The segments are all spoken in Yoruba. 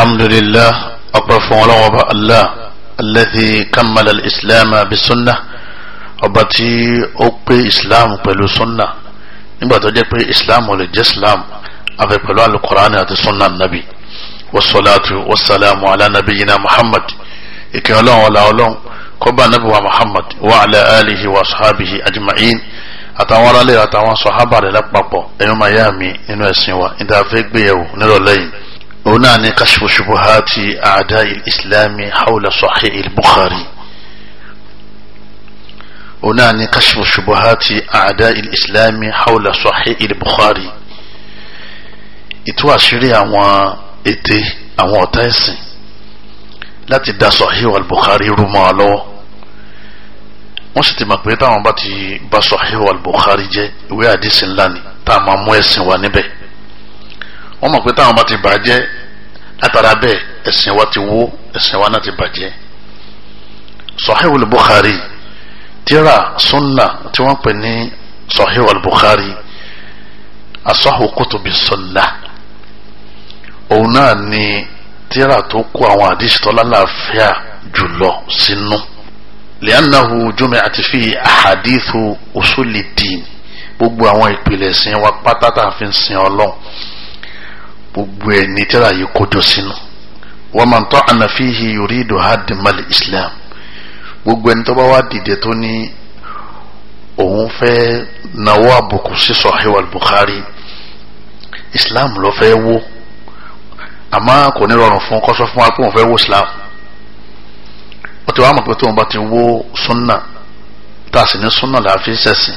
الحمد لله أقف ولو الله الذي كمل الإسلام بالسنة ọbàtí ó pé islam pẹ̀lú sunna nígbà tó jẹ́ pé islam ò lè jẹ́ islam àfi pẹ̀lú alukur'ani àti sunna nabi wasalaatu wasalaamu ala nabiyina muhammad ìkẹ́ ọlọ́run ọ̀la ọlọ́run kọ́ba nabi wa muhammad wa ala alihi wa sahabihi ajma'in àtàwọn aráàlẹ̀ àtàwọn sọ̀hábà rẹ̀ lápapọ̀ ẹ̀yọ́ mayami nínú ẹ̀sìn wa níta fẹ́ gbéyàwó nírọ̀lẹ́yìn òun náà ni kashfu shubuhati aada islami hawla sahih al-bukhari òun náà ni kashfu shubuhati aada islami hawla sahih al-bukhari ìtú àṣírí àwọn ète àwọn ọ̀tá ẹ̀sìn láti da sahih al-bukhari rú mọ́ ọ lọ́wọ́ wọ́n sì ti mọ̀ pé táwọn bá ti bá sahih al-bukhari jẹ́ ìwé àdìsí ńlá ni tá a máa mú ẹ̀sìn wa níbẹ̀ wọ́n mọ̀ pé táwọn bá ti bàjẹ́ látara bẹ́ẹ̀ ẹ̀sìn wa ti wó ẹ̀sìn wa náà ti bàjẹ́ Sahih al-Bukhari tíra sunna tí wọ́n pè ní Sahih al-Bukhari asahu kutubi sunna òun náà ni tíra tó kó àwọn àdìsí tó lálàáfíà jùlọ sínú li'annahu jumi'at fi ahadithu usuli din gbogbo àwọn ìpìlẹ̀ sìn wa pátá tá a fi ń sìn Ọlọ́run gbogbo ẹ̀ ní tíra yìí kójọ sínú wa man ta'ana fihi yuridu hadmal islam gbogbo ẹni tó bá wá dìde tó ní òun fẹ́ nawọ́ àbùkù sí Sahih al-Bukhari islam ló fẹ́ wó àmọ́ kò ní rọrùn fún kọ́sọ́ fún wa pé òun fẹ́ wó islam ó ti wá mọ̀ pé tóun bá ti wó sunna tá a sì ní sunna làá fi ń ṣẹ̀sìn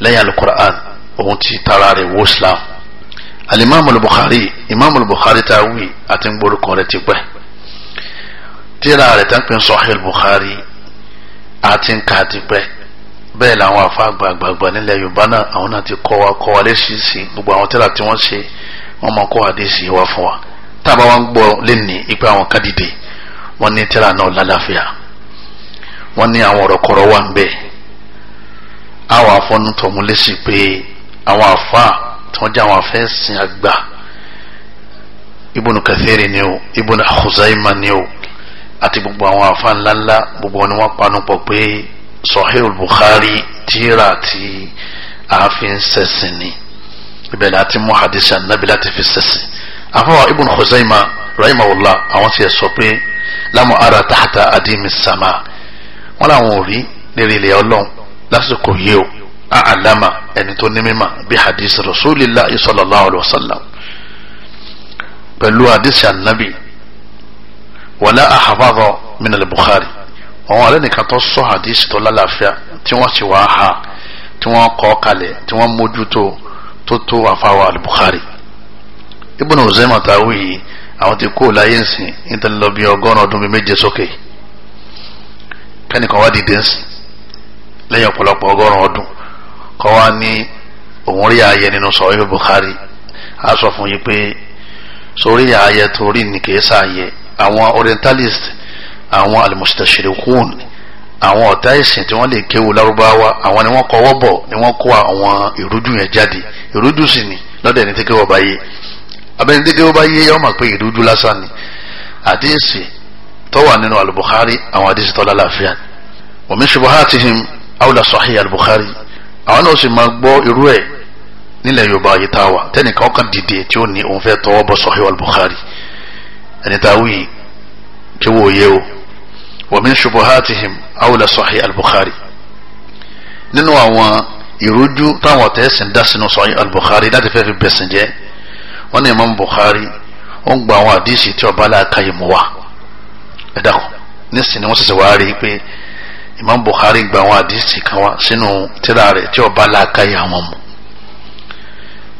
lẹ́yìn alukur'an òun ti tara rẹ̀ wó islam alimami al-Bukhari imam al-Bukhari ta wi àti gborokọ rẹ̀ ti pẹ́ tíra rẹ̀ tán pé Sahih al-Bukhari àti nka ti pẹ́ bẹ́ẹ̀ làwọn afa gbàgbàgbà nílẹ̀ Yorùbá náà àwọn náà ti kọ́ wa kọ́ wa lẹ́sìsì gbogbo àwọn tíra tí wọ́n ṣe wọ́n máa kọ́ àdéhìsì wa fún wa tá wọn gbọ́ lẹ́nìí ipa àwọn kan dìde wọ́n ní tíra náà lálàáfíà wọ́n ní àwọn ọ̀rọ̀ kọ̀rọ̀ wà ń bẹ́ẹ̀ àwọn afọ́nutọ̀mú lẹ́sìn pé àwọn afa tí wọ́n jẹ́ àwọn afẹ́sìn àgbà ibùnú kathiri ni o ibùnú akhuzaima ni o àti gbogbo àwọn afa ńláńlá gbogbo wọn ni wọ́n panu pọ̀ pé sahihul bukhari tíra ti ààfin sẹ̀sìn ni ibẹ̀ láti mú hadith anabi láti fi sẹ̀sìn àfọwọ́ ibùnú khuzaima rahimahullah àwọn sì sọ pé lámù ara tahta adimi sama wọn làwọn ò rí lérí ilẹ̀ ọlọ́run lásìkò yìí o àlámà ẹni tó ní mímà bí hadith rasulillah sallallahu alayhi wa sallam pẹ̀lú hadith anabi wàlá ahafadọ minal bukhari àwọn alẹ́ nìkan tó sọ hadith tó lálàáfíà tí wọ́n sì wá ha tí wọ́n kọ́ kalẹ̀ tí wọ́n mójútó tó tó àfàwà al-bukhari ibùnà uzema tàwí yìí àwọn ti kó láyé nsìn nítorí bí ọdún bíi méje sókè kẹ́nìkan wá dìde nsìn lẹ́yìn ọ̀pọ̀lọpọ̀ ọgọ́rùn ọdún wá ní òun rí ààyè nínú sọ̀rọ̀ Bukhari a sọ fún yín pé sórí ààyè torí ní kìí àwọn orientalist àwọn alimusitashirikun àwọn ọ̀tá ìsìn tí wọ́n lè kéwu lárúbáwá àwọn ni wọ́n kọwọ́ bọ̀ ni wọ́n kó àwọn ìrújú yẹn jáde ìrújú sì ni lọ́dẹ̀ ní tẹ́kẹ́wọ́ bá yé abẹ́ni tẹ́kẹ́wọ́ bá yé yọ́ọ́ mà pé ìrújú lásán ni àdéhìsì tó wà nínú al-Bukhari àwọn àdéhìsì tó lálàáfíà wa min shubuhatihim awla sahih al-Bukhari àwọn náà sì máa gbọ́ irú ẹ̀ nílẹ̀ yorùbá yìí tá a wà tẹ́nìkan kan dìde tí ó ní òun fẹ́ tọwọ́ bọ̀ Sahih al-Bukhari ẹni tá a wí kí wò yé o wa min shubuhatihim awla Sahih al-Bukhari nínú àwọn ìrújú táwọn tẹ̀sìn dá sínú Sahih al-Bukhari láti fẹ́ fi bẹ̀sìn jẹ́ wọ́n ní Imam Bukhari ó ń gba àwọn àdísì tí ọba aláàkáyè mú wa ẹ̀dá nísìnyí wọ́n sì sì wá rí i pé Imam Bukhari gba àwọn àdìsí kan wá sínú tírà rẹ̀ tí ó bá làákàyè àwọn mu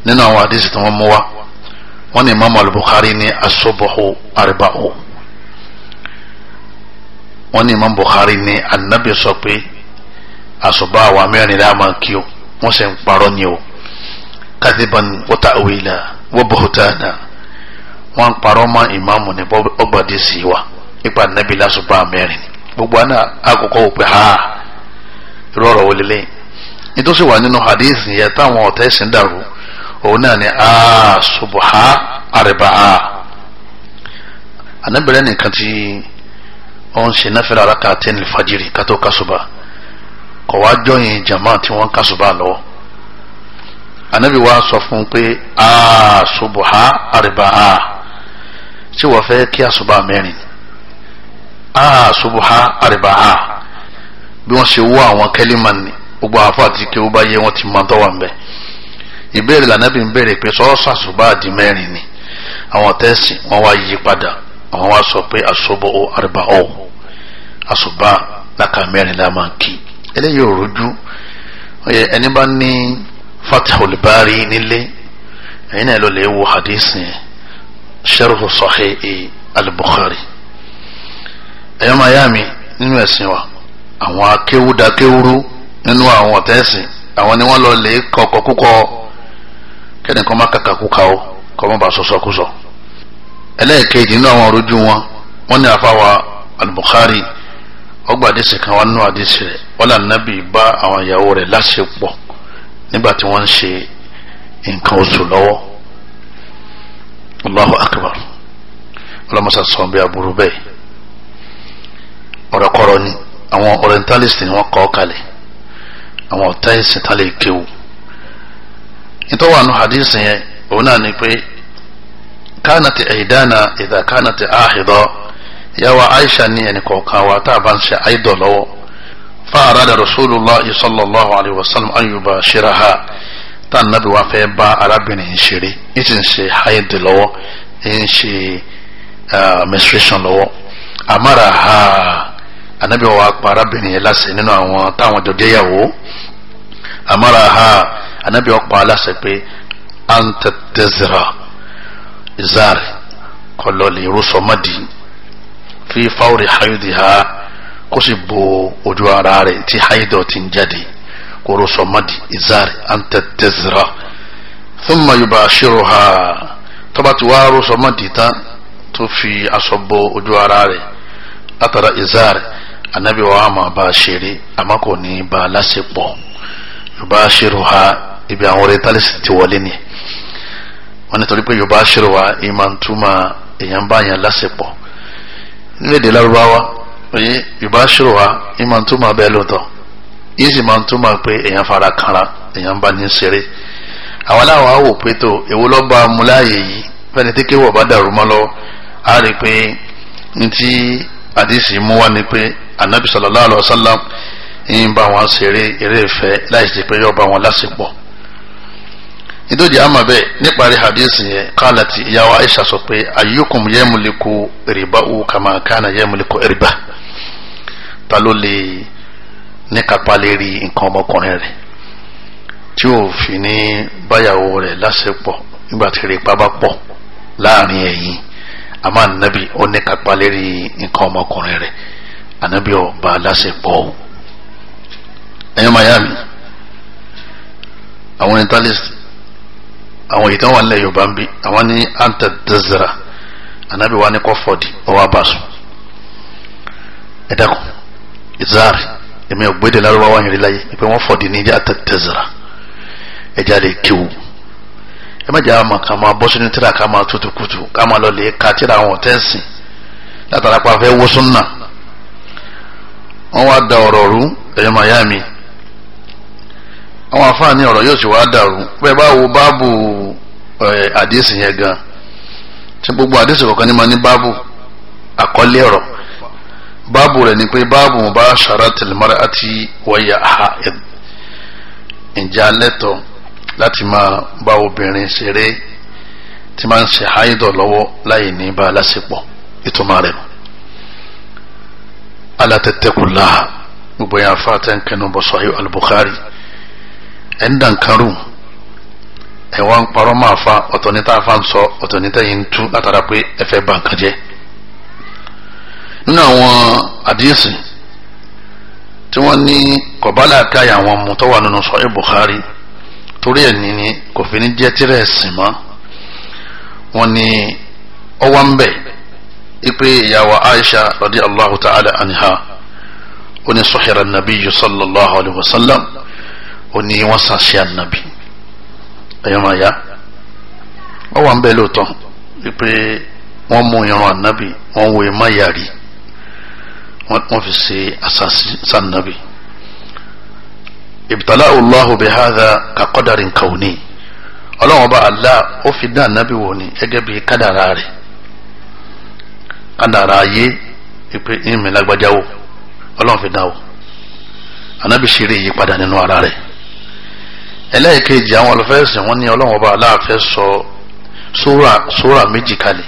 nínú àwọn àdìsí tí wọ́n mú wá wọ́n ní Imam Al-Bukhari ni asọ́bọ̀hó arbao. wọ́n ní Imam Bukhari ni anabi sọ pé àsọ̀bá àwa mẹ́rin dá máa kí o wọ́n sì ń parọ́ ni o kadiban wa ta'wila wa buhtana wọ́n ń parọ́ mọ́ ìmáàmù ní ọgbàdìsí wa ipa anabi lásùbà mẹ́rin ni gbogbo àná àkọ́kọ́ wò pé ha rọrọ wò lélẹ nítòsí wà nínú hadith yẹn táwọn ọ̀tẹ́ sì ń dàrú òun náà ni aa subuha arbaa anábìrẹ́ nìkan tí wọ́n ń ṣe náfẹ́rẹ́ araka tẹ́ni fajiri kátó kásùbà kọ̀ wá jọyìn jama tí wọ́n kásùbà lọ́wọ́ anabi wa sọ fún pé aa subuha arbaa ṣé wọ́n fẹ́ kí àsùbà mẹ́rin asubuha ah, aribaha bí wọ́n ṣe wọ́ àwọn kẹ́límà ni gbogbo àfọ àti kí ó bá yẹ wọ́n ti máa tọ́wọ́ nbẹ ìbéèrè lànàbí ń béèrè pé sọ́ọ́ sàṣùbà àdì mẹ́rin ni àwọn tẹ́sí wọ́n wá yí padà àwọn wá sọ pé asubu ariba o àṣùbà láka mẹ́rin la máa kí eléyìí ò rújú ẹni bá ní Fathul nílé ẹ̀yin náà ló lè wo hadith yẹn sharhu sahih ẹ̀yọ́ máa yá mi nínú ẹ̀sìn wa àwọn akéwúdakéwúrú nínú àwọn ọ̀tẹ́sìn àwọn ni wọ́n lọ lè kọkọ kúkọ kẹ́nìkan má kàkà kúkà ó kọ́ mọ́ bá sọ̀sọ̀ kúsọ. ẹlẹ́ẹ̀kejì nínú àwọn ọ̀rọ̀jú wọn wọ́n ní àfáwa al-Bukhari ọgbà àdìsí kan wà nínú àdìsí rẹ̀ wọ́n là nábì bá àwọn ìyàwó rẹ̀ láṣepọ̀ nígbà tí wọ́n ń ṣe nǹkan oṣù lọ́wọ́ Allahu akbar ọlọ́mọṣà sọ̀rọ̀ bí aburú bẹ́ẹ̀ ọ̀rọ̀kọ̀rọ̀ ni àwọn orientalist ni wọ́n kọ́ kalẹ̀ àwọn ọ̀tá ẹ̀sìn tá lè kéwu nítorí àwọn hadith yẹn òun náà ni pé kánàtì ẹ̀dánà ìdá kánàtì áhìdọ́ yàwá aisha ní ẹnì kọ̀ọ̀kan wa tá a bá ń ṣe àìdọ̀ lọ́wọ́ fáarada rasulillah sallallahu alaihi wa sallam ayuba shiraha tá a nàbí wa fẹ́ bá arábìnrin ṣeré ní ń ṣe àìdọ̀ lọ́wọ́ ń ṣe ah, menstruation lọ́wọ́ amara ha anabi wa pa arábìnrin yẹn láṣẹ nínú àwọn táwọn jọ jẹ́ yàwó amara ha anabi wa pa aláṣẹ pé anta tezra izar kọlọlì irúsọmọdì fi fáwọrì hayidi ha kó sì bo ojú ara rẹ̀ tí hayidọ ti ń jáde kó rúsọmọdì izar anta tezra thumma yubashiruha tọ́ba ti wá rúsọmọdì tán tó fi aṣọ bo ojú ara rẹ̀ látara izar anabi wa ama bá a ṣeré àmọ́ kò ní bá a ha ibi àwọn orí tálísì ti wọlé ni wọ́n nítorí pé yorùbá ṣerú wa, ìmọ̀ ntúmọ̀ èèyàn bá yẹn lásìpọ̀ nílẹ̀ èdè lárúbáwá oye yorùbá ṣerú ha ìmọ̀ ntúmọ̀ bẹ́ẹ̀ lóòótọ́ yìí sì máa ń túmọ̀ pé èèyàn fara kanra èèyàn bá ní ṣeré àwọn aláwọ̀ á pé tó èwo lọ́ọ́ bá a yìí fẹ́ni tí kéwọ́ bá dàrú mọ́ lọ́wọ́ á rí pé ní tí àdìsí mú wá ni pé anabi sallallahu alayhi wa sallam ń bá wọn ṣeré eré ìfẹ́ láì sí pé yóò bá wọn lásìpọ̀ ìdójì àmọ́ bẹ́ẹ̀ níparí hadith yẹn kálàtì ìyàwó aisha sọ pé ayyukum yamuliku rìbá wù kàmá kánà yamuliku rìbá ta ló lè ní kápá lérí nǹkan ọmọkùnrin rẹ̀ tí ò fi ní báyàwó rẹ̀ lásìpọ̀ nígbà tí rìbá bá pọ̀ láàrin ẹ̀yìn àmọ́ ànábì ó ní kápá lérí nǹkan ọmọkùnrin rẹ̀ anabi ọba aláṣepọ̀ ẹ̀yọ́ miami àwọn italist àwọn ìkan wà nílẹ̀ yorùbá ń bí àwọn ní anta dazara anabi wa ní kọfọdì ọwọ́ abasu ẹ̀dàkùn ìzárì èmi ògbédè lárúbáwá yẹn rí láyé pé wọ́n fọ̀dì ní anta dazara ẹ̀já lè kéwù ẹ má jẹ́ àwọn ọmọ kan máa bọ́ sínú tíra ká máa tutù kutù ká máa lọ lè wọ́n wá da ọ̀rọ̀ rú ẹ̀yọ́ màyá mi àwọn afáàní ọ̀rọ̀ yóò sì wá dàrú pé bá wo báàbù àdìsí yẹn gan tí gbogbo àdìsí kọ̀ọ̀kan ní ma ní báàbù àkọlé ọ̀rọ̀ báàbù rẹ̀ ni pé báàbù mo bá ṣàrà tẹlẹmọ́ra àti wọ́yà ha ǹjẹ́ alẹ́tọ̀ láti máa bá obìnrin ṣeré tí máa ń ṣe háìdọ̀ lọ́wọ́ láì ní bá a lásìpọ̀ ìtumọ̀ rẹ̀ nù ala tattaqullaha gbogbo yẹn afáàtẹ nkẹnu bọ sahih al-Bukhari ẹ ń dànkarù ẹ wá ń parọ́ máa fa ọ̀tọ̀ ní tá a fa efe sọ ọ̀tọ̀ ní tẹ̀yìn ń tú látara pé ẹ fẹ́ bà nǹkan jẹ́ tó wà nínú sahih Bukhari torí ẹ̀ ní ni kò fi ní jẹ́ tirẹ̀ sìn mọ́ wọ́n ní ọwọ́ ń bẹ̀ ipe ìyàwó aisha radiyallahu ta'ala anha ó ní sọ́hìrà nàbí sallallahu alayhi wa sallam ó ní wọ́n sàṣẹ́ ànàbí ẹ̀yọ́ máa yá wọ́n wà ń bẹ́ẹ̀ lóòótọ́ ipe wọ́n mú irun ànàbí wọ́n wo ìmọ̀ yàrí wọ́n fi ṣe àṣàṣì sànàbí ibtala'u Allahu bi hadha ka qadarin kawni ọlọ́wọ́n bá Allah ó fi dá ànàbí wò ní gẹ́gẹ́ bí kádàrá rẹ̀ kádàrà ayé pé ìmì lágbájá wò ọlọ́run fi dá wò anábì ṣeré yí padà nínú ara rẹ̀ ẹlẹ́ẹ̀kejì àwọn olùfẹ́sìn wọn ní ọlọ́run ọba aláàfẹ́ sọ sóra sóra méjì kalẹ̀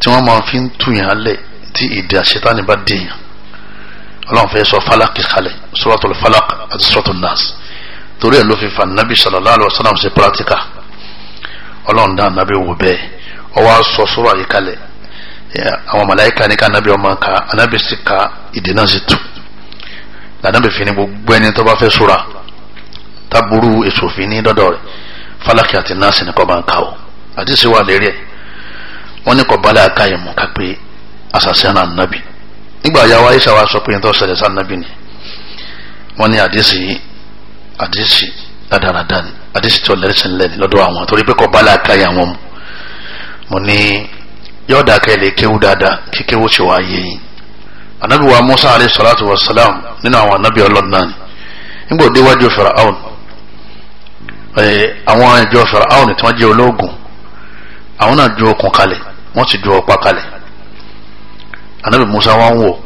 tí wọ́n máa fi ń tuyàn alẹ̀ tí ìdí àṣetánì bá dèèyàn ọlọ́run sọ falaki kalẹ̀ suratul falak àti suratul nas torí ẹ̀ ló fi fa nabi sallallahu alayhi wa ṣe pratica ọlọ́run dá wò bẹ́ẹ̀ ó sọ sóra yìí kalẹ̀ àwọn màláíkà ní ká anábì ọmọ ká anábì sì ká ìdè náà sì tù lànàbì fi ni gbogbo ẹni tó bá fẹ́ sùrà tábúrú èso òfin ní dọ́dọ̀ rẹ̀ fálákì àti náàsì ní kọ́ máa ká o àti ìṣèwà lérí ẹ̀ wọ́n ní kọ́ balẹ̀ àká yẹn mú ká pé àṣàṣe náà nàbì nígbà yà wá ìṣàwá sọ pé nítorí ṣẹlẹ̀ ni wọ́n ní àdìsí àdìsí dáadáa ni àdìsí tí ó lẹ́rìí sí ńlẹ̀ ni lọ́dọ̀ àwọn torí pé kọ́ balẹ̀ àká yẹn mu ní. yóò dà kẹ́ lè kéwú dáadáa kí kéwú ṣe wá yé anabi wa musa alayhi salatu wa salam nínú àwọn anabi ọlọ́run náà ni nígbà òde wájú firaun àwọn ìjọ firaun tí wọ́n jẹ́ ológun àwọn náà ju okun kalẹ wọ́n sì ju ọ̀pá kalẹ anabi musa wa ń wò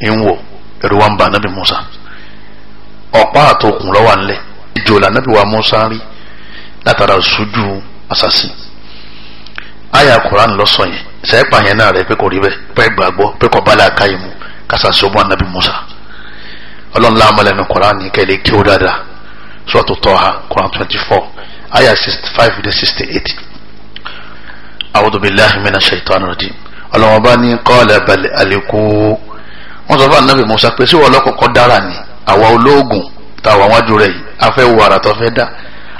ń wa ń anabi musa ọ̀pá àtòkùn lọ́wọ́ nle ìjòlá anabi wa musa rí látara sójú assassin. àyà koran lọ́sọ̀ yẹn sẹ́ẹ̀pà yẹn náà rẹ̀ pé kò rí pe pé gbàgbọ́ pé kò bá làákà yìí mu kásá sọ́mọ́ anabi musa ọlọ́run láàmúlẹ́nu koran ní kẹ́lẹ́ kí ó dáadáa sọ́ọ̀tù tọ́ha koran twenty four àyà sixty five de sixty eight a'udhu billahi minash shaitani rajim ọlọ́run bá ní kọ́ọ̀lẹ̀ balẹ̀ àlékú wọ́n sọ fún anabi musa pé sí wọn lọ́kọ̀ọ́kọ́ dára ni àwa olóògùn táwa wájú rẹ̀ yìí afẹ́ wàrà tó fẹ́ dá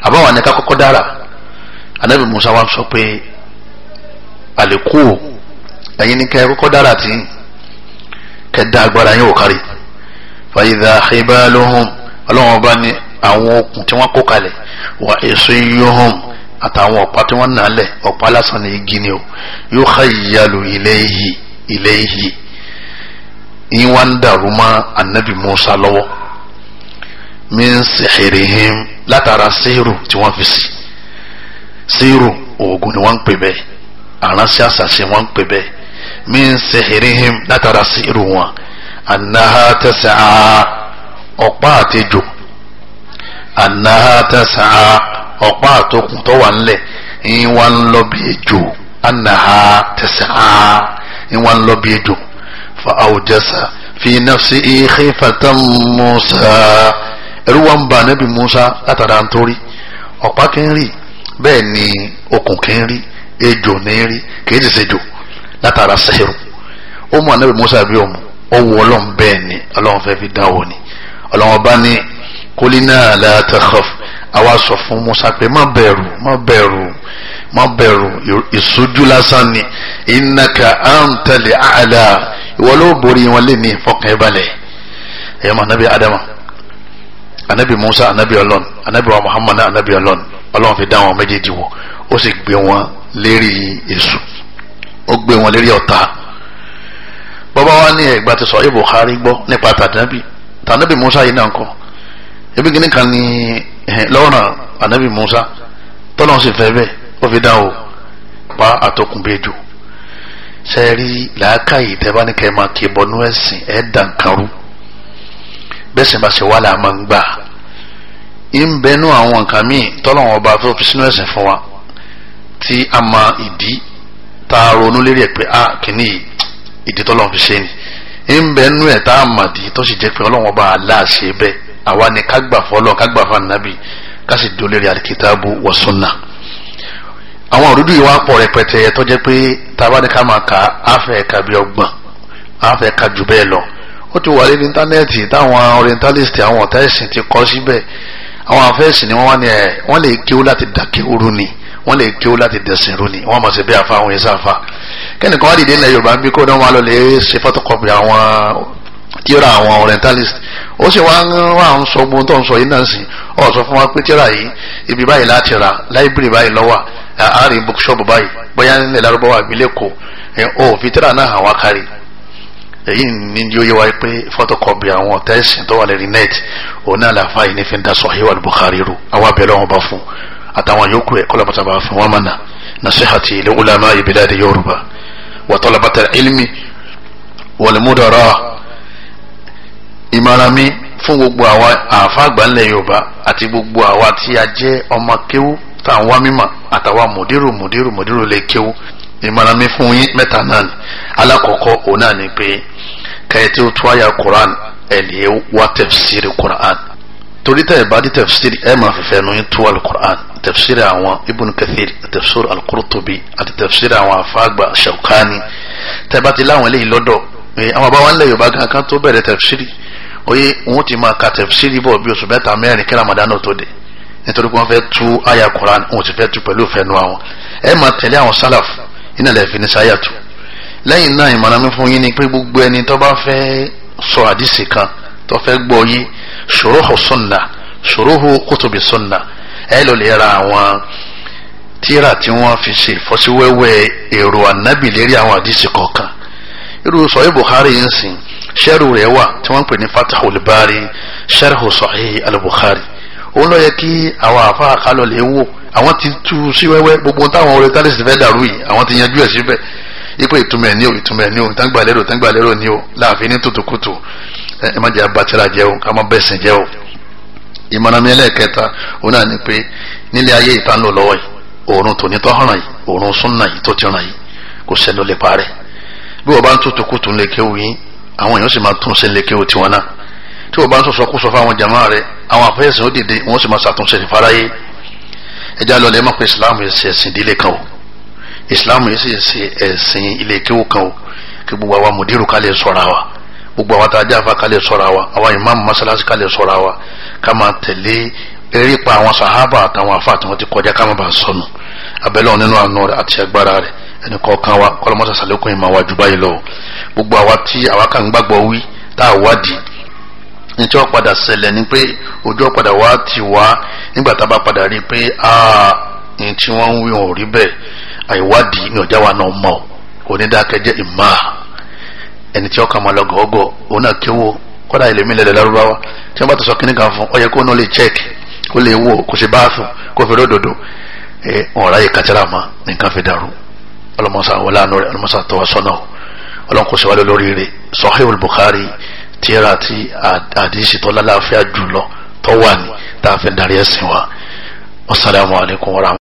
àbáwọn ni ká kọ́kọ́ dára anabi musa wa sọ pé àlékò ẹ̀yin ní kẹ́ kọ́kọ́ dára tí kẹ́dá agbára yín ò kárí fàyídà ìbálòhùn ọlọ́run ọba ní àwọn okùn tí wọ́n kó kalẹ̀ wà èso yóhùn àtàwọn ọ̀pá tí wọ́n nà lẹ̀ ọ̀pá lásán ní igi ni o yóò ká ìyàlò ilé yìí ilé yìí yín wá ń dàrú mọ́ anabi Musa lọ́wọ́ min sihirihim látara síhìrù tí wọ́n fi sí síhìrù oògùn ni wọ́n ń pè bẹ́ẹ̀ àránṣẹ́ àṣàṣe wọn ń pè bẹ́ẹ̀ min sehirihim látara sí irú wọn anaha tẹsán ọ̀pá àtejò anaha tẹsán ọ̀pá àtokùn tó wà ńlẹ̀ ìyín wa ń lọ bí ejò anaha tẹsán ìyín wa ń lọ bí ejò fa awjasa fi nafsihi khifatan Musa ẹ̀rù wa ba anabi Musa látara ntorí ọ̀pá kí ń ni okùn kí ejò ní rí kìí ti sejò látara sẹ́rù ó mú anabi musa bí òmu ó wù ọlọ́run bẹ́ẹ̀ ni ọlọ́run fẹ́ fi dáwọ́ ni ọlọ́run bá ní kólínà la àwa sọ fún musa pé má bẹ̀rù má bẹ̀rù má bẹ̀rù ìsojú lásán ni innaka antal a'la ìwọ ló borí wọn lé ní fọkàn ìbalẹ̀ ẹ̀yọ́ mọ̀ anabi adama anabi musa anabi ọlọ́run anabi wa muhammad anabi ọlọ́run ọlọ́run fi dá wọn méjèèjì wọ̀ ó sì gbé wọn lérí èṣù ó gbé wọn lérí ọ̀tá bàbá wa ní ẹ̀gbá ti sọ Bukhari gbọ́ nípa tànábì tànábì Musa yìí náà kọ́ ebi kìíní kan ní lọ́rùn ànábì Musa tọ́lọ́ sì fẹ́ bẹ́ẹ̀ ó fi dá o pa àtọkùnbẹ́jọ sẹ́ẹ̀rí làákàyè tẹ́bánikẹ́ máa kì í bọ́nú ẹ̀sìn ẹ̀ẹ́dà nǹkan rú bẹ́ẹ̀ sì máa ṣe wà láà máa ń gbà ń àwọn nǹkan míì tọ́lọ́wọ́n ọba tó fi sínú ẹ̀sìn fún wa tí a mọ ìdí tá a ronú lérí ẹ̀ pé a ah, kìíní ìdí tó lọ́n fi ṣe ni ń bẹ nú ẹ̀ tá a mọ̀ dí tó sì jẹ́ pé ọlọ́run ọba aláàṣẹ bẹ́ẹ̀ àwa ni ká gbà fọlọ́ ká gbà fún ànábì ká sì dúró lérí alikitaabu wa sunna àwọn òdúdú yìí wá pọ̀ rẹpẹtẹ tó jẹ́ pé tá a bá ní ká máa ka àfẹ́ ka bí ọgbọ̀n àfẹ́ ka jù bẹ́ẹ̀ lọ ó ti wà lórí íńtánẹ́ẹ̀tì táwọn orientalist àwọn ọ̀tá ẹ̀sìn ti kọ́ síbẹ̀ àwọn afẹ́sìn ni wọ́n lè kéwú láti dàkẹ́ ni wọ́n lè kí ó láti dẹ̀sìn rú ni wọ́n mọ̀ sí bí àfa àwọn ẹ̀sà àfa kẹ́nìkan wá dìde ilẹ̀ yorùbá ń bí kó ní wọ́n lọ lè ṣe photocopy àwọn tíra àwọn orientalist ó sì wá ń sọ gbóhùn tó ń sọ yìí náà sí ọ sọ fún wa pé tíra yìí ibi báyìí láti ra láìbírì báyìí lọ́wọ́ àárín bookshop báyìí bóyá nílẹ̀ lárúbáwá ìbílẹ̀ kò ó fi tíra náà hàn wá kárí èyí ní ní oyé wa pé photocopy àwọn ọ̀tá tó wà lẹ́rìí net òun náà làfáà yìí ní fi ń da Sahih al-Bukhari ru àwọn abẹ́rẹ́ wọn bá fún un àtàwọn yòókù ẹ̀ kọ́lọ́mọ́sá bá fún wọn mọ̀nà nasihati lil ulama ibiladi yorùbá wa talabata ilmi wal mudara ìmọ̀ràmí fún gbogbo àwa àfàgbà ńlẹ̀ yorùbá àti gbogbo àwa tí a jẹ́ ọmọ kéwú tá à ń wá mímọ̀ àtàwa mùdírù mùdírù lè kéwú ìmọ̀ràn fún yín mẹ́ta náà ni alákọ̀ọ́kọ́ òun náà ni pé kẹ́yẹ tí ó àyà quran ẹ̀ lè wá tafsiri quran torí tẹ́ ẹ̀ bá di tafsir ẹ̀ máa fẹ́fẹ́ nu yín tú alukur'an tafsir àwọn ibn kathir tafsir al-qurtubi àti tafsir àwọn afáàgbà shaukani tẹ́ bá ti láwọn eléyìí lọ́dọ̀ àwọn abáwọn ilẹ̀ yorùbá kan kan tó bẹ̀rẹ̀ tafsir oye wọn ti máa ka tafsir bọ̀ bí oṣù mẹ́ta mẹ́rin kí ramadan tó dé nítorí pé wọ́n fẹ́ tú aya kur'an wọn ti fẹ́ tú pẹ̀lú ìfẹ́ nu àwọn ẹ̀ máa tẹ̀lé àwọn salaf iná lẹ́ẹ̀fi ní sáyàtú lẹ́yìn náà ìmọ̀ràn mi fún yín ni pé gbogbo ẹni tó bá fẹ́ sọ àdìsí kan tó fẹ́ gbọ́ yé ṣòrohù sunna ṣòrohù kótóbi sunna ẹ lọ lè ra àwọn tíra tí wọ́n fi ṣe ìfọ́síwẹ́wẹ́ èrò ànábì lérí àwọn àdìsí kọ̀ọ̀kan irú sọ̀yìn Bukhari ń sìn ṣẹ́rù rẹ̀ wà tí wọ́n ń pè ní Fathul Bari ṣẹ́rù sọ̀hìn al-Bukhari òun ló yẹ kí àwọn àfáà kálọ̀ lè wò àwọn ti tú sí wẹ́wẹ́ gbogbo táwọn orientalist fẹ́ dàrú yìí àwọn ti yanjú ẹ̀ síbẹ̀ ipò ìtumọ̀ ẹ̀ o ìtumọ̀ ẹ̀ o ìtàngbàlérò ìtàngbàlérò ní o láàfin ní tòtòkòtò ẹ má jẹ́ abatira jẹ́ o ká má bẹ̀sìn jẹ́ o ìmọ̀nàmí ẹlẹ́ẹ̀kẹta òun náà ni pé nílé ayé ìta ń lò lọ́wọ́ yìí òórùn tòní tó hàn yìí òórùn súnà yìí tó ti ràn yìí kò sẹ́ni ó lè parẹ́ bí wọ́n bá ń tutù kùtù ń lè kéwù yín àwọn èèyàn sì máa tún sí ń lè tiwọn náà tí wọ́n bá ń sọ̀sọ́ kú sọ fáwọn jàmáà rẹ̀ àwọn àfẹ́sìn ó dìde wọ́n sì máa ṣàtúnṣe ìfaráyé ẹja lọ lẹ́mọ̀ pé islam yìí ṣe ẹ̀sìn ìdílé islam yìí ṣe ẹ̀sìn ilé kéwù kan o kí gbogbo gbogbo àwọn tá a jẹ́ àfa ká awa sọ̀rọ̀ àwa àwọn ìmáàmù mọ́sálásí ká sọ̀rọ̀ àwa ká máa tẹ̀lé eré pa àwọn sàhábà àtàwọn afa àti wọn ti kọjá ká má bàa sọnù abẹ́lẹ́ nínú àánú rẹ̀ àti agbára rẹ̀ ẹnì kọ̀ọ̀kan wa kọ́lọ́mọ́sá sàlékún ìmọ̀ wa jù báyìí lọ gbogbo àwa tí àwa gbàgbọ́ wí tá a wádìí ní tí wọ́n padà ni pé wa ti wá nígbà tá a bá padà rí i pé ní tí wọ́n ń wí wọn ẹni tí ọkàn máa lọ gọ́gọ́ òun náà kéwò kọ́dà ẹlẹ́mí lẹ́lẹ́ lárúbáwá tí wọ́n bá ti sọ kíní kan fún ọ yẹ kó náà lè check kó lè wò kó ṣe báàfù kó fi ródòdò ẹ ọ̀rá yìí kàtẹ́rà mọ́ nǹkan fi dàrú ọlọ́mọṣà wọlé àánú rẹ ọlọ́mọṣà tọwọ́ sọ́nà ọlọ́nkóso wà lórí rẹ Sahihul Bukhari tíra tí àdìsí tó lálàáfíà jùlọ tó wà ní tá a fi darí wa wasalaamualeykum wa rahmatulah.